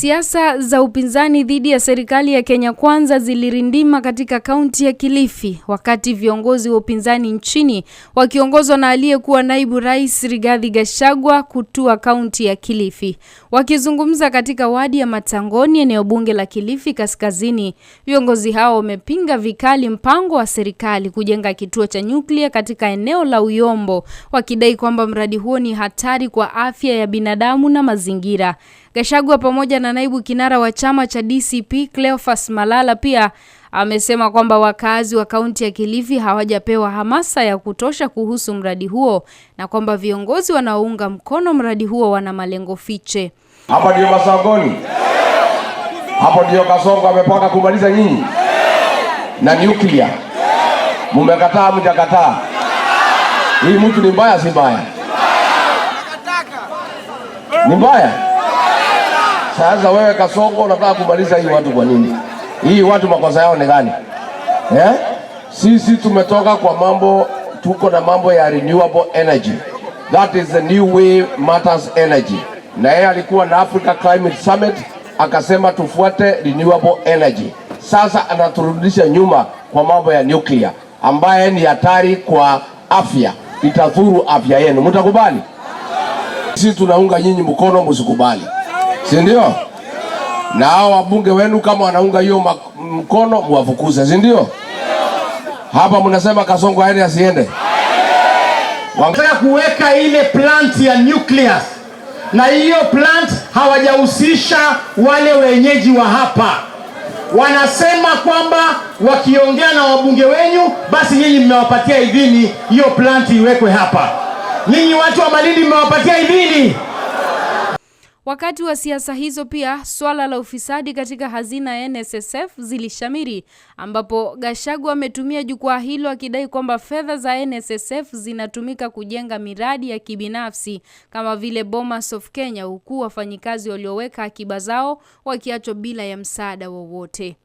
Siasa za upinzani dhidi ya serikali ya Kenya Kwanza zilirindima katika kaunti ya Kilifi wakati viongozi wa upinzani nchini wakiongozwa na aliyekuwa naibu rais Rigathi Gachagua kutua kaunti ya Kilifi. Wakizungumza katika wadi ya Matangoni, eneo bunge la Kilifi Kaskazini, viongozi hao wamepinga vikali mpango wa serikali kujenga kituo cha nyuklia katika eneo la Uyombo, wakidai kwamba mradi huo ni hatari kwa afya ya binadamu na mazingira. Gachagua pamoja na naibu kinara wa chama cha DCP Cleophas Malala pia amesema kwamba wakazi wa kaunti ya Kilifi hawajapewa hamasa ya kutosha kuhusu mradi huo na kwamba viongozi wanaounga mkono mradi huo wana malengo fiche. Hapa ndio Masangoni, hapo ndio Kasongo amepanga kumaliza nyinyi na nyuklia, mumekataa, mjakataa. Hii mtu ni mbaya, si mbaya? Ni mbaya. Sasa wewe Kasongo unataka kumaliza hii watu kwa nini? Hii watu makosa yao ni gani? Eh? Sisi tumetoka kwa mambo, tuko na mambo ya renewable energy. That is the new way matters energy. Na yeye alikuwa na Africa Climate Summit akasema tufuate renewable energy. Sasa anaturudisha nyuma kwa mambo ya nuclear ambaye ni hatari kwa afya, itadhuru afya yenu. Mtakubali? Sisi tunaunga nyinyi mkono, msikubali si ndio? Na hao wabunge wenu kama wanaunga hiyo mkono mwafukuze si ndio? Hapa mnasema Kasongo aende asiende. Wanataka kuweka ile plant ya nucleus na hiyo plant hawajahusisha wale wenyeji wa hapa. Wanasema kwamba wakiongea na wabunge wenyu, basi nyinyi mmewapatia idhini hiyo plant iwekwe hapa. Ninyi watu wa Malindi mmewapatia idhini. Wakati wa siasa hizo pia swala la ufisadi katika hazina ya NSSF zilishamiri, ambapo Gachagua ametumia jukwaa hilo akidai kwamba fedha za NSSF zinatumika kujenga miradi ya kibinafsi kama vile Bomas of Kenya, huku wafanyikazi walioweka akiba zao wakiachwa bila ya msaada wowote.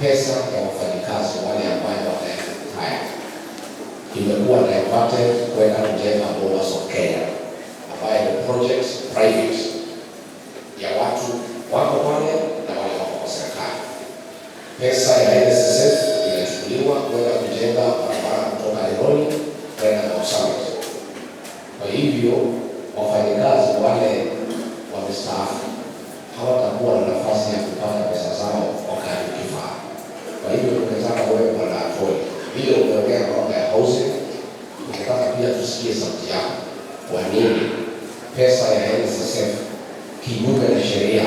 Pesa ya wafanyikazi wale ambayo wanaweka imekuwa diverted kwenda kujenga boma za care ambayo ni project private ya watu wako pale na wale wako kwa serikali. Pesa ya NSSF inachukuliwa kwenda kujenga barabara kutoka Eroli kwenda Marsabit. Kwa hivyo wafanyakazi wale pia tusikie sauti yako. Kwa nini pesa ya NSSF kinyume na sheria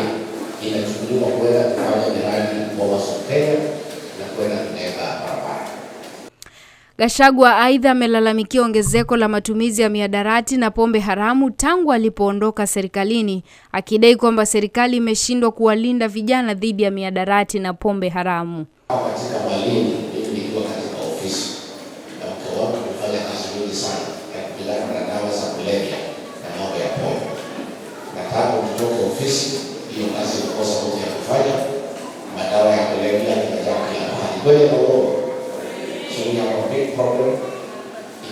inachukuliwa kwenda kufanya miradi wa masokeo na kwenda kujenga barabara? Gachagua aidha amelalamikia ongezeko la matumizi ya miadarati na pombe haramu tangu alipoondoka serikalini, akidai kwamba serikali imeshindwa kuwalinda vijana dhidi ya miadarati na pombe haramu. katika Malindi, nikiwa katika ofisi na mke wangu kufanya kazi nzuri sana kukosa nguvu ya kufanya madawa ya kulevya yakajaa mahali kwenye maoni sheria ya big problem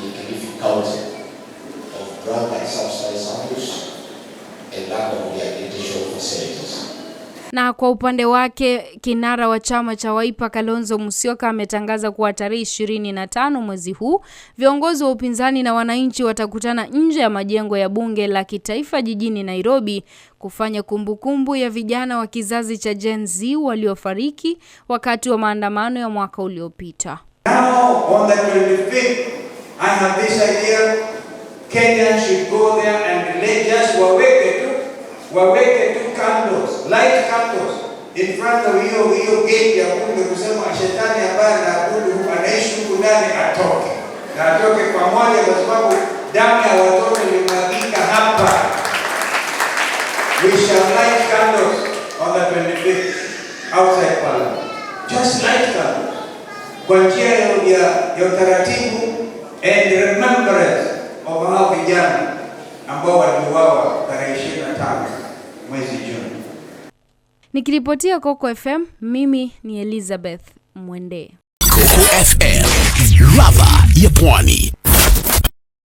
in the of drug and substance abuse and lack of rehabilitation facilities. Na kwa upande wake kinara wa chama cha Waipa Kalonzo Musyoka ametangaza kuwa tarehe ishirini na tano mwezi huu viongozi wa upinzani na wananchi watakutana nje ya majengo ya bunge la kitaifa jijini Nairobi kufanya kumbukumbu kumbu ya vijana wa kizazi cha Gen Z waliofariki wakati wa maandamano ya mwaka uliopita. Kenya should go there and waweke tu candles, light candles in front of hiyo hiyo gate ya Bunge, kusema shetani ambaye anaabudu anaishi huku ndani atoke na atoke kwa moja, kwa sababu damu ya watoto ilimwagika hapa. We shall light candles on the 25th outside parliament, just light candles kwa njia ya ya utaratibu and remembrance of hao vijana ambao waliuawa tarehe 25 mwezi Juni. Nikiripotia Coco FM, mimi ni Elizabeth Mwende. Coco FM, ladha ya Pwani.